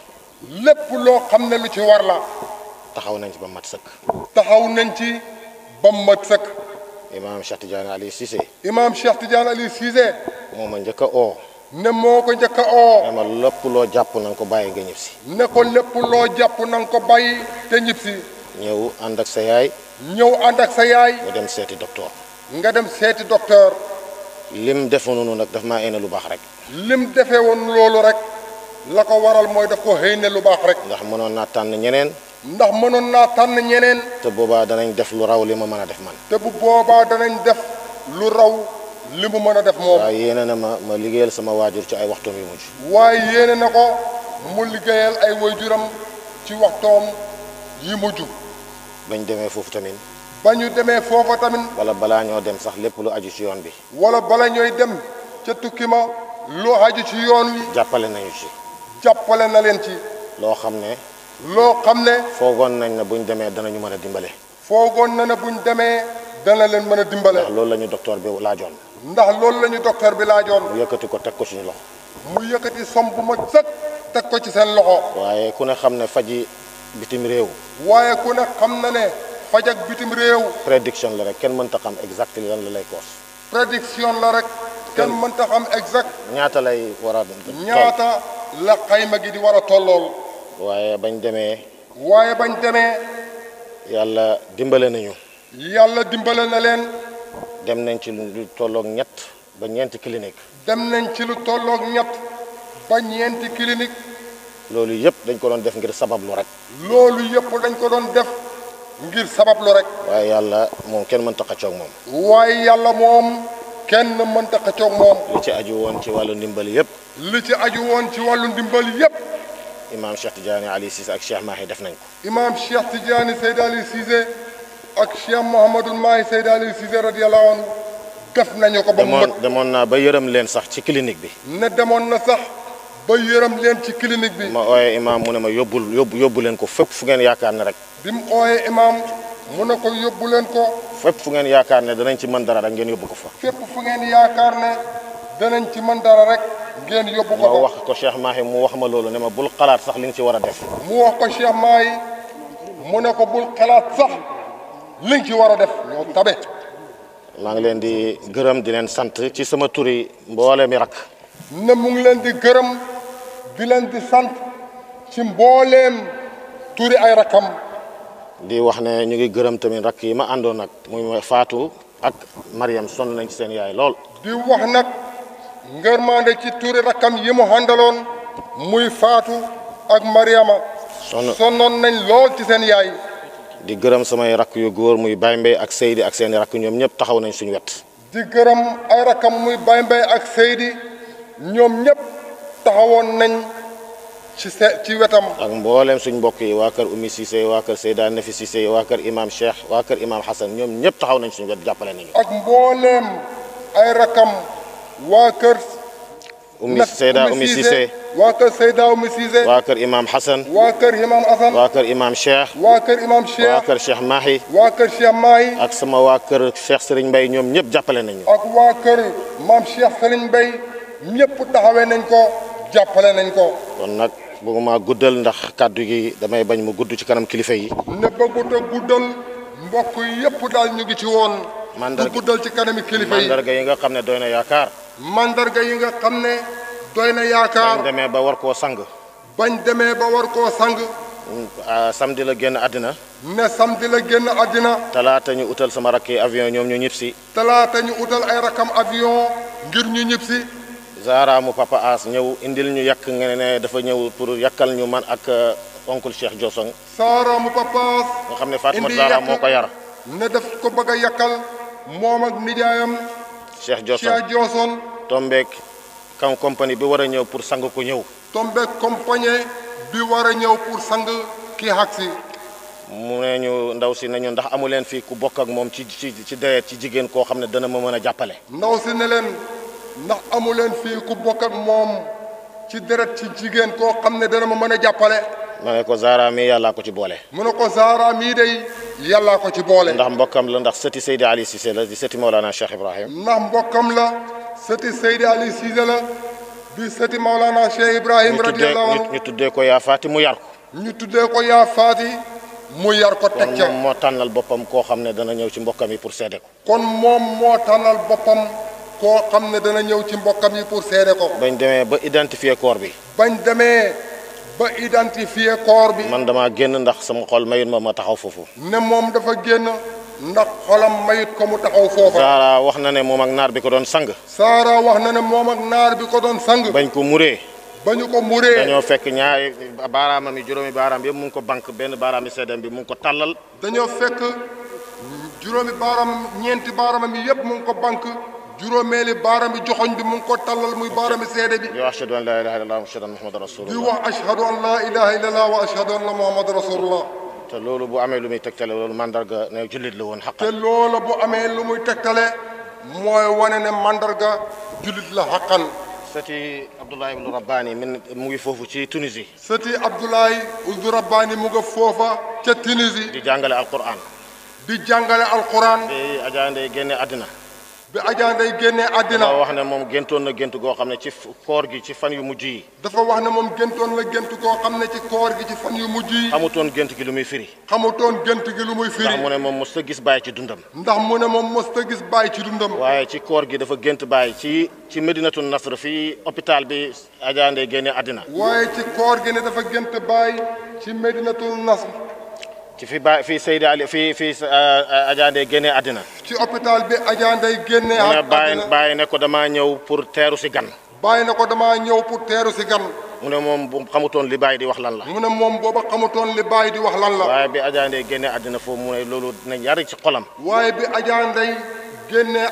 lépp loo xam na lu ci war la. taxaw nañ ci ba mat sëkk. taxaw nañ ci ba mat sëkk. imaam Cheikh Tidiane Ali Cissé. imaam Cheikh Tidiane Ali Cissé. moom ma njëkk o ne moo ko njëkk a oo. ne ma lépp loo jàpp na ko bàyyi nga ñib si. ne ko lépp loo jàpp na ko bàyyi te ñib si. ñëw ànd ak sa yaay. ñëw ànd ak sa yaay. nga dem seeti docteur. nga dem seeti docteur. lim defoon noonu nag daf maa ene lu baax rek. lim defee woon loolu rek. la ko waral mooy daf ko xëy ne lu baax rek. ndax mënoon naa tànn ñeneen. ndax mënoon naa tànn ñeneen. te boobaa danañ def lu raw li ma mën a def man. te bu boobaa danañ def lu raw li mu mën a def moom. waaye yéene na ma liggéeyal sama waajur ci ay waxtoom yu mujj. waaye yéene na ko mu liggéeyal ay waajuram ci waxtoom yi mujj. bañ demee foofu tamit. ba ñu demee foofa tamit. wala balaa ñoo dem sax lépp lu aju ci yoon bi. wala bala ñooy dem ca tukki ma lu aju ci yoon wi. jàppale nañu ci. jàppale na leen ci. loo xam ne. loo xam ne. foogoon nañ ne buñ demee danañu mën a dimbale. foogoon na ne buñ demee dana leen man a dimbale. ndax loolu la ñu docteur bi laajoon. ndax loolu la ñu docteur bi laajoon. mu yëkkati ko teg ko suñu loxo. mu yëkkati som bu ma sëkk. teg ko ci seen loxo. waaye ku ne xam ne faji bitim réew. waaye ku ne xam na ne faj bitim réew. prédiction la rek kenn mënta xam exact lan la lay koos. prédiction la rek. kenn mënta xam exact. ñaata lay war a ñaata la xayma gi di war a tollool. waaye bañ demee. waaye bañ demee. yàlla dimbale nañu. yàlla dimbale na leen. dem nañ ci lu tollook ñett ba ñeenti clinique. dem nañ ci lu tolloog ñett ba ñeenti clinique. loolu yëpp dañ ko doon def ngir sabablu rek. loolu yëpp dañ ko doon def ngir sabab lu rek. waaye yàlla moom kenn mënta xëccoog moom. waaye yàlla moom kenn mënta xëccoog moom. li ci aju woon ci wàllu ndimbal yëpp. li ci aju woon ci wàllu ndimbal yëpp. imaam Cheikh Tidiane Ali Cissé ak Cheikh Mahi def ko. imaam Cheikh Tidiane Seydou Ali Cissé ak Cheikh Mouhamadul Mahi Seydou Ali Cissé radiyallahu anhu def nañu ko. ba mu mot demoon naa ba yërëm leen sax ci clinique bi. na demoon na sax ba yërëm leen ci clinique bi. ma ooyee imaam mu ne ma yóbbul yóbbu yóbbu leen ko fépp fu ngeen yaakaar ne rek. bi mu ooyee imaam mu ne ko leen ko. fépp fu ngeen yaakaar ne danañ ci man dara rek ngeen yóbbu ko fa. fépp fu ngeen yaakaar ne danañ ci man dara rek. génn yóbbu ko. ma wax ko Cheikh Mahi mu wax ma loolu ne ma bul kalaat sax li nga ci war a def. mu wax ko Cheikh Mahi mu ne ko bul kalaat sax li ci war a def loolu tabe. maa ngi leen di gërëm di leen sant ci sama turi mboole mi rak. mu leen di gërëm di leen di sant ci mbooleem turi ay rakam. di wax ne ñu ngi gërëm tamit rak yi ma àndoon nag muy Fatou ak Mariam son nañ ci seen yaay lool. di wax nag. ngërmaande ci tuuri rakkam yi mu handaloon muy faatu ak mariama noon nañ lool ci seen yaay di gërëm samay rakk yu góor muy Baye Mbaye ak Seydi ak seen rakk ñoom ñëpp taxaw nañ suñu wet di gërëm ay rakkam muy Baye Mbaye ak Seydi ñoom ñëpp taxawoon nañ ci se ci wetam ak mbooleem suñ mbokk yi waa kër Oumy Cissé waa kër Seyda Nafi Cissé waa kër Imam Cheikh waa kër Imam Hassan ñoom ñëpp taxaw nañ suñu wet jàppale nii ak mbooleem ay rakkam واكر أمي السيدة أمي سيسي واكر السيدة أمي سيسي واكر إمام حسن واكر إمام حسن واكر إمام شيخ واكر إمام شيخ واكر شيخ ماهي واكر شيخ ماهي أقسم واكر شيخ سرين باي نيوم نيب جابلين نيو أك واكر مام شيخ سرين باي نيب تهوين نكو جابلين نكو ونك بعما غدل نخ كادوجي دمائي بني مغدل تكلم كليفي نبغو تغدل بكو يبودال نيجي تون mandarga bu guddal ci kanami kilifa yi mandarga yi nga xam ne doy na yaakaar. mandarga yi nga xam ne doy na yaakaar. bañ demee ba war koo sang. bañ demee ba war koo sang. Mm, samedi la génn àddina. ne samedi la génn àddina. talaata ñu utal sama rakk yi avion ñoom ñu ñib si. talaata ñu utal ay rakkam avion ngir ñu ñib si. Zara mu papa As ñëw indil ñu yàq nga ne dafa ñëw pour yàkkal ñu man ak uh, oncle Cheikh Diosong. Zara mu papa As. nga xam ne Fatima Zara moo ko yar. ne daf ko bëgg a yàkkal. moom ak nijaayam. Cheikh Joson Cheikh Joson. tombeek kam compagnie bi war a ñëw pour sang ko ñëw. tombeek compagnie bi war a ñëw pour sang ki xag si. mu ne ñu ndaw si nañu ndax amu leen fii ku bokk ak moom ci ci ci deret ci jigéen koo xam ne dana ma mën a jàppale. ndaw si ne leen ndax amu leen fii ku bokk moom ci deret ci jigéen koo xam ne dana ma mën a jàppale. ma ne ko Zahra mii yàllaa ko ci boole. mu ne ko Zahra mii day ko ci boole. ndax mbokkam la ndax sëti Seydi Ali Cissé la di sëti Maolana Cheikh Ibrahim. ndax mbokkam la sëti Seydi Ali Cissé la di sëti Maolana Cheikh Ibrahim. radiyallahu anhu ñu tuddee ko yaa faati mu yar ko. ñu tuddee ko yaa faati mu yar ko. teg kon moom moo tànnal boppam koo xam ne dana ñëw ci mbokkam yi pour seede ko. kon moom moo tànnal boppam. koo xam ne dana ñëw ci mbokkam yi pour seede ko. bañ demee ba identifier corps bi. bañ demee ba identifier koor bi. man damaa génn ndax sama xol mayut ma ma taxaw foofu. ne moom dafa génn ndax xolam mayut ko mu taxaw foofa. Saara wax na ne moom ak naar bi ko doon sang. Saara wax na ne moom ak naar bi ko doon sang. bañ ko muree. ba ñu ko muree dañoo fekk ñaari baaraamam yi juróomi baaraam yëpp mu ngi ko bank benn baaraam yi seddam bi mu ngi ko tàllal dañoo fekk juróomi baaraam ñeenti baaraamam yi yëpp mu ngi ko bank juróomeeli baaraam bi joxoñ bi mu ngi ko talal muy baaraam bi seede bi di ashhadu an laa ilaaha illallaah wa ashhadu rasulullah di wax ashhadu an la ilaha illa allah wa ashhadu anna muhammadan rasulullah te loolu bu amee lu muy tegtale loolu mandarga ne julit la woon xaq te loolu bu amee lu muy tegtale mooy wane ne mandarga julit la xaqan sati Abdoulaye ibn Rabbani min mu ngi foofu ci Tunisie. sati Abdoulaye ibn Rabbani mu nga foofa ca Tunisie. di jàngale Alquran. di jàngale Alquran. te Adja Ndeye génne àddina. bi Adja Ndeye génnee àddina dafa wax ne moom géntoon na gént goo xam ne ci koor gi ci fan yu mujj yi dafa wax ne moom géntoon na gént goo xam ne ci koor gi ci fan yu mujj yi xamutoon gént gi lu muy firi xamutoon gént gi lu muy firi ndax ne moom mos ta gis bàyyi ci dundam ndax mu ne moom mos ta gis bàyyi ci dundam waaye ci koor gi dafa gént bàyyi ci ci Medinatu Nasr fii hôpital bi Adja Ndeye génnee àddina waaye ci koor gi ne dafa gént bàyyi ci Medinatu Nasr ci fi ba fi Seyda Ali fi fi uh, uh, Adja Ndeye génnee ci hôpital bi Adja Ndeye génnee. àddina bàyyi bàyyi ko damaa ñëw pour teeru si gan. bàyyi na ko damaa ñëw pour teeru si gan. mu ne moom bu xamutoon li bàyyi di wax lan la. mu ne moom booba xamutoon li bàyyi di wax lan la. waaye bi Adja génne génnee foofu mu ne dina yar ci xolam. waaye bi Adja Ndeye génnee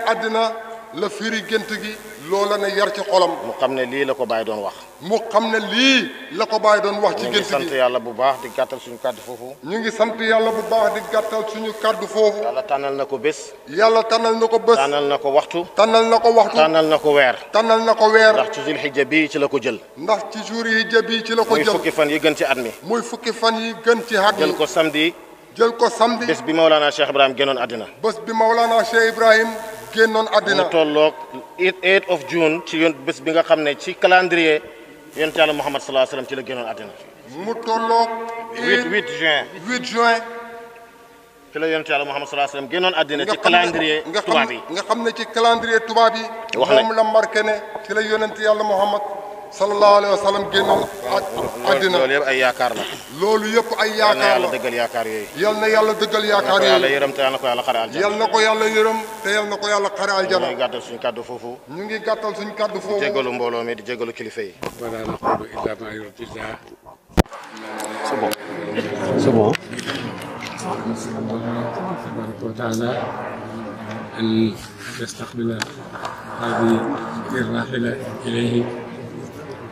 la firi gént gi. loola na yar ci xolam. mu xam ne lii la ko bàyyi doon wax. mu xam ne lii la ko bàyyi doon wax. ci gént gi ñu ngi sant yàlla bu baax di gàttal suñu kàddu foofu. ñu ngi sant yàlla bu baax di gàttal suñu kàddu foofu. yàlla tànnal na ko bés. yàlla tànnal na ko bés. tànnal na ko waxtu. tànnal na ko waxtu. tànnal na ko weer. tànnal na ko weer. ndax ci zul hijja bii ci la ko jël. ndax ci jour hijja bii ci la ko jël. muy fukki fan yi gën ci at mi. muy fukki fan yi gën ci at mi. jël ko samedi. jël ko samedi. bés bi Maulana Cheikh Ibrahim génnoon àddina. bés bi Maulana Cheikh Ibrahim génnoon àddina mu tolloog 8 of June ci yoon bés bi nga xam ne ci calendrier yonent Yàlla Muhammad salaa sallam ci la génnoon àddina. mu tolloog. 8 8 juin 8 juin. ci la yonent Yàlla Muhammad salaa sallam génnoon àddina ci calendrier tubaab yi nga xam ne ci calendrier tubaab yi. wax nañ moom la marqué ne ci la yonent Yàlla Muhammad. صلى الله عليه وسلم جن عدنا لول يب أي ياكار يلنا يلا دقل ياكار يلا يرم تيال نكو يلا خرال يلا نكو يلا يرم تيال نكو يلا خرال جنا نعى قتل سن كادو فوفو نعى قتل سن كادو فوفو جعلوا مبلو ميد جعلوا كليفي بنا نقول إلا ما يرتجى سبحان سبحان سبحان الله أن يستقبل هذه الرحلة إليه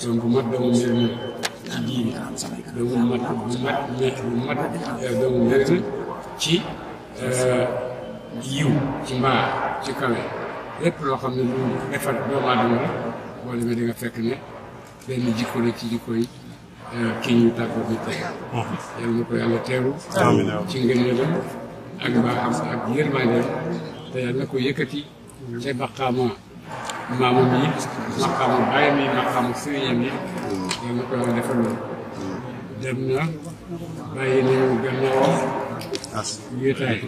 doom bu mat doomu njëriñ ci diine bu mat nekk bu eh, eh, yiw ci mbaa ci kawe lépp loo xam ne lu defar doomu demee di fekk ne benn jikko la ci jikko eh, kii ñu tàggoo bi tey yàlla na ko yàlla teeru ci ngëneelam ak baaxam ak yërmandeem te yàlla na ko yëkkati ca baqaama maamam yi maqaamu bàyyam yi maqaamu sëriñam yi ko yàlla defal dem na bàyyi nañu gannaawam yéetaay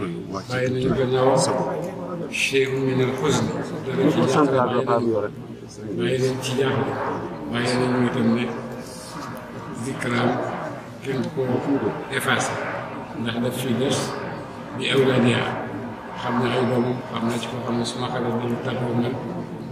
bàyyi nañu gannaawam cheikh min al xusni dana ci jàppale bàyyi nañ ci jàppale bàyyi nañu itam ne ko effacé ndax daf fi des bi awlaadiya xam na ay doomam xam na ci ko xam ne suma xarit dañu tàggoo man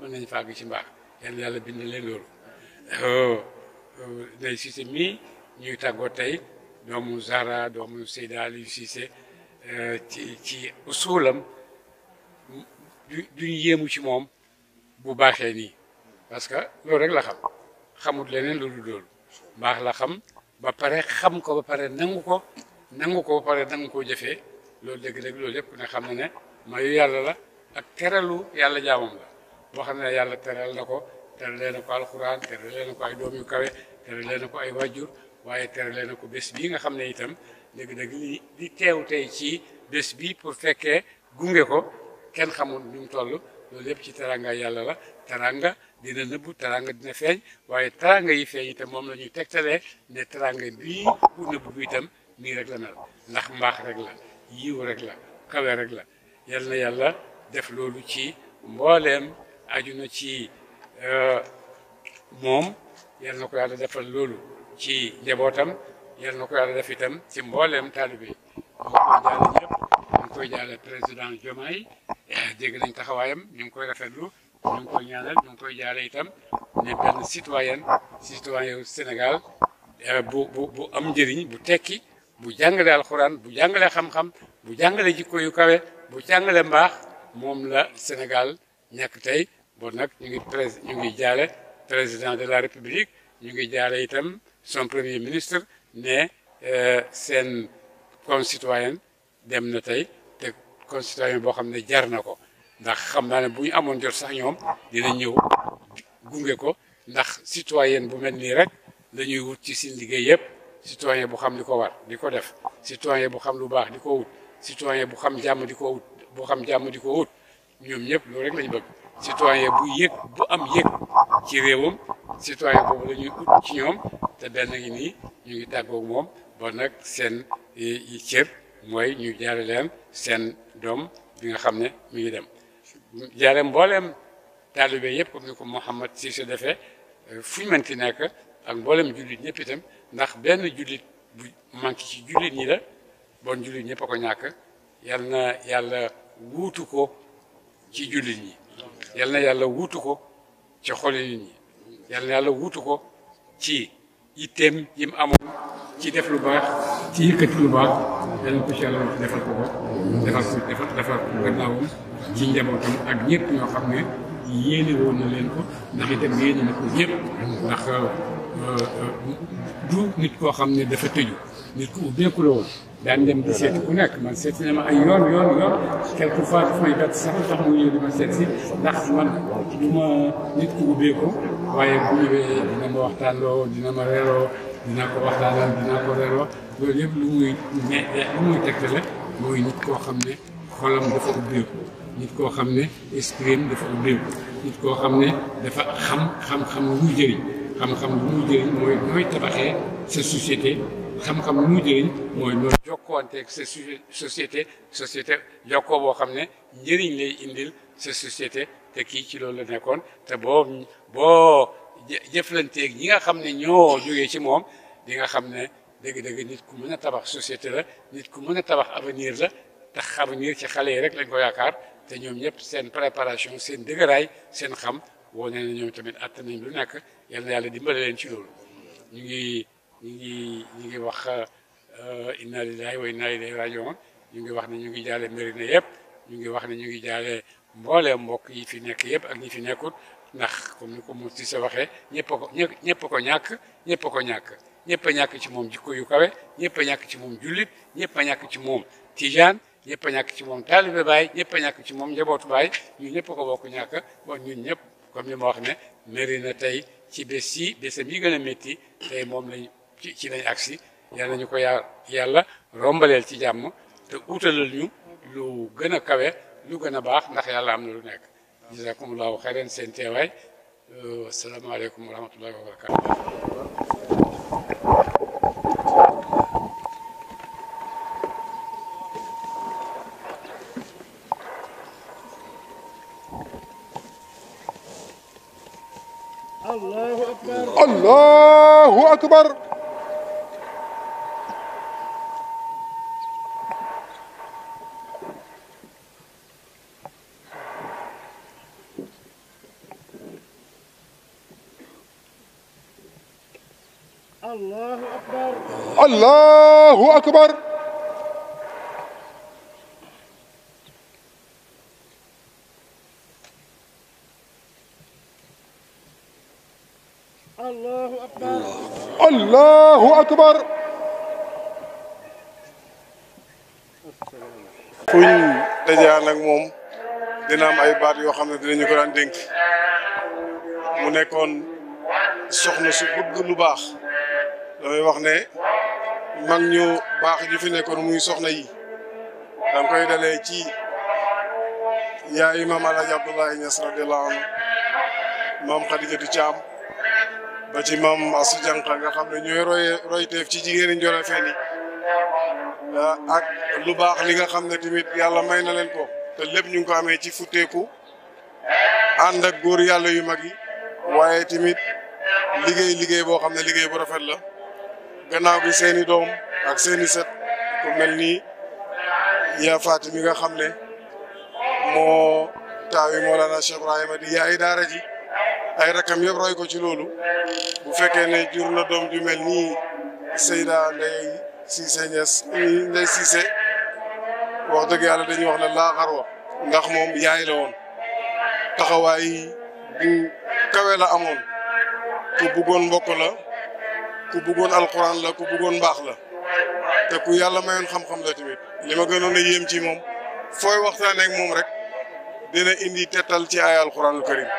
mën nañ fàgg ci mbaax yàlla yàlla bind leen loolu oh, oh, Ndeye Cissé mii ñuy tàggoo tey doomu Zara doomu Seyda Aliou Cissé euh, ci ci usulam du duñ yéemu ci moom bu baaxee nii parce que loolu rek la xam xamut leneen loolu loolu baax la xam ba pare xam ko ba pare nangu ko nangu ko ba pare nangu koo jëfee loolu dëgg-dëgg loolu yëpp ne xam ne mayu yàlla la ak teralu yàlla jaamam la boo xam na yàlla teral na ko teral leen ko alxuraan teral leen ko ay doom yu kawe teral leen ko ay wajjur waaye teral leen ko bés bii nga xam ne itam dëgg-dëgg li teew tey ci bés bi pour fekkee gunge ko kenn xamul ñu mu toll loolu ci taranga yàlla la taranga dina nëbbu taranga dina feeñ waaye taranga yi feeñ itam moom la ñuy tegtalee ne taranga bii bu nëbbu bi itam ndax mbaax rek la yiw rek la kawe rek la yal na yàlla def loolu ci mbooleem aju na ci euh, moom yal na ko yàlla defal loolu ci njabootam yal na ko yàlla def itam ci mbooleem taalibe moo koy jaale ñëpp ñu koy jaale président Diomaye eh, dégg nañ taxawaayam ñu ngi koy rafetlu ñu ngi koy ñaanal ñu ngi koy jaale itam ne benn citoyen citoyen Sénégal eh, bu bu bu am njëriñ bu tekki bu jàngale alxuraan bu jàngale xam-xam bu jàngale jikko yu kawe bu jàngale mbaax moom la Sénégal ñekk tey bon nak ñu ngi président de la république ñu ngi itam son premier ministre ne euh, s'en concitoyen dem na tay té concitoyen bo xamné jar nako ndax xam na né bu ñu jot sax ñom dina ñëw gungé ko ndax citoyen bu rek wut ci citoyen bu xam war def citoyen bu xam lu baax diko wut citoyen bu xam Nous diko wut xam citoyen bu yëg bu am yëg ci réewam citoyen boobu la ut ci ñoom te benn ngi nii ñu ngi tàggoog moom bon nag seen yi e, cër mooy ñu jaare leen seen doom bi nga xam ne mu ngi dem jaare mbooleem taalibe yëpp comme ni ko Mouhamad Cissé defee e, fu ñu mënti nekk ak mboolem jullit ñëpp itam ndax benn jullit bu manqué ci jullit ñi la bon jullit ñëpp ko ñàkk yal na yàlla wuutu ko ci jullit ñi yal na yàlla wuutu ko ci xoli nit ñi yal na yàlla wuutu ko ci yitteem yim amoon ci def lu baax ci yëkkati lu baax yal na ko ci yàlla defal ko ko defal ko defal defal ko gannaawam ci ak ñëpp leen ko ndax itam ko ndax euh, euh, du nit koo xam ne dafa tëju nit ku ubbeeku woon daan dem di seeti ku nekk man seeti na ma ay yoon yoon yoon quelque fois daf may bett sax mu ñëw ma seet ndax man du ma nit ku ubbeeku waaye bu ñëwee dina ma waxtaanloo dina ko waxtaanal ko reeroo loolu yëpp lu koo xam ne xolam dafa ubbeeku nit koo xam ne esprit dafa ubbeeku nit koo xam ne dafa xam xam-xam lu muy jëriñ xam-xam lu muy jëriñ mooy mooy tabaxee sa société xam-xam lu mu jëriñ mooy loolu jokkoonteeg su société société jokkoo boo xam ne njëriñ lay indil sa société te kii ci loolu la nekkoon te boo boo jëflanteeg ñi nga xam ne ñoo jógee ci moom di nga xam ne dëgg-dëgg nit ku mën a tabax société la nit ku mën a tabax avenir la te avenir ci xale yi rek lañ ko yaakaar te ñoom ñëpp seen préparation seen dëgëraay seen xam woo nee na ñoom tamit àtt nañ lu nekk yal na yàlla dimbale leen ci loolu ñu ngi ñu ngi ñu ngi wax euh, inna lillahi wa inna ilayhi rajiun ñu ngi wax ne ñu ngi jaale Médina yëpp ñu ngi wax ne ñu ngi jaale mboolee mbokk yi fi nekk yëpp ak ñi fi nekkut ndax comme ni ko mu si sa waxee ñëpp ko ñëpp ko ñàkk ñëpp ko ñàkk ñëpp ñàkk ci moom jikko yu kawe ñëpp ñàkk ci moom jullit ñëpp ñàkk ci moom tijaan ñëpp a ci moom taalibe baay ñëpp a ñàkk ci moom njabootu baay ñun ñëpp ko bokk ñàkk bon ñun ñëpp comme ñu ma wax ne Médina tey ci bés yi bésam yi gën a métti tey moom lañ ci ci lañ agsi yal nañu ko yàlla rombaleel ci jàmm te utalal ñu lu gën a kawe lu gën a baax ndax yàlla am na lu nekk jazakumullahu xayran seen teewaay asalaamaaleykum wa rahmatullahi wa barakatu الله أكبر الله أكبر أكبر الله أكبر الله أكبر كل لدي عندك موم دينا ما يبار يو خمسة دينا mag ñu baax ji fi nekkoon muy soxna yi da koy dalee ci yaay maam Alaaji Abdoulaye Niass radiyallahu anhu maam Xadijatu Caam ba ci maam Asu Janqa nga xam ne ñooy roy royteef ci jigéen ñi Ndiol Fane yi ah, ak lu baax li nga xam ne tamit yàlla may na leen ko te lépp ñu ngi ko amee ci futteeku ànd ak góor yàlla yu mag yi waaye tamit liggéey liggéey boo xam ne liggéey bu rafet la. gannaaw bi seeni doom ak seeni set ku mel ni yaa faati mi nga xam ne moo taawi Mawlana Cheikh Ibrahima di yaay daara ji ay rakam yëpp roy ko ci loolu bu fekkee ne jur na doom ju mel nii Seyda Ndey Cissé Niass Ndey Cissé wax dëgg yàlla dañuy wax ne laa xarwa ndax moom yaay la woon taxawaay bu kawe la amoon ku bëggoon mbokk ku bëggoon alxuraan la ku bëggoon baax la te ku yàlla mayoon xam-xam la tamit li ma gënoon a yéem ci moom fooy waxtaan ak moom rek dina indi tettal ci ay alxuraanul karim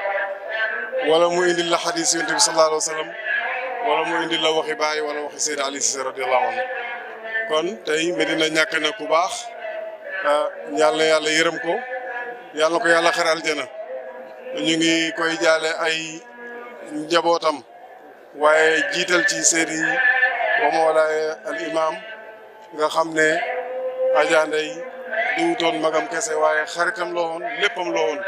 wala mu indi la xadiis yonent bi sallallahu alayhi wa wala mu indi la waxi baay wala waxi Seydou Ali Cissé radiyallahu anhu kon tey Medina ñàkk na ku baax yàlla yàlla yërëm ko yàlla ko yàlla xaral jëna ñu ngi koy jaale ay njabootam. waaye jiital ci seedi yi wa moolaay al imam nga xam ne Adja Ndeye diwutoon magam kese waaye xaritam la woon léppam la woon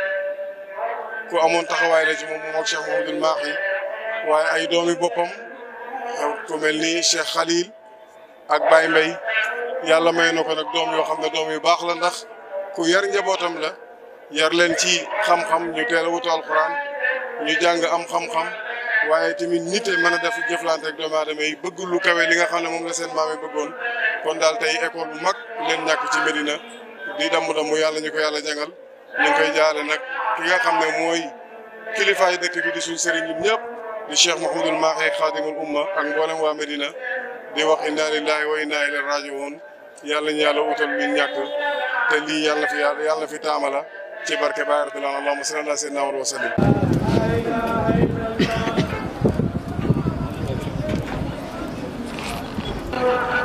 ku amoon taxawaay la ci moom moom ak Cheikh Mouhamadoul Mahi waaye ay doomi boppam ku mel ni Cheikh Khalil ak baay mbay yàlla may na ko nag doom yoo xam ne doom yu baax la ndax ku yar njabootam la yar leen ci xam-xam ñu teel a wutu alxuraan ñu jàng am xam-xam waaye tamit nit mën a def jëflante ak doomu aadama yi bëgg lu li nga xam ne moom la seen maam yi bëggoon kon daal tey école bu mag leen ñàkk ci Medina di damm damm yàlla ñu ko yàlla jàngal ñu ngi koy jaare nag ki nga xam ne mooy kilifaay dëkk bi di suñ sëriñ ñun ñëpp di Cheikh Mouhamadul Mahi xaadimul umma ak mboolem waa Medina di wax inna lillahi wa inna ilayhi rajiun yàlla ñu yàlla utal bi ñàkk te lii yàlla fi yàlla fi taamala ci barke Baay Rabbil aalamiin allahumma salli ala sayyidina wa sallim Thank you.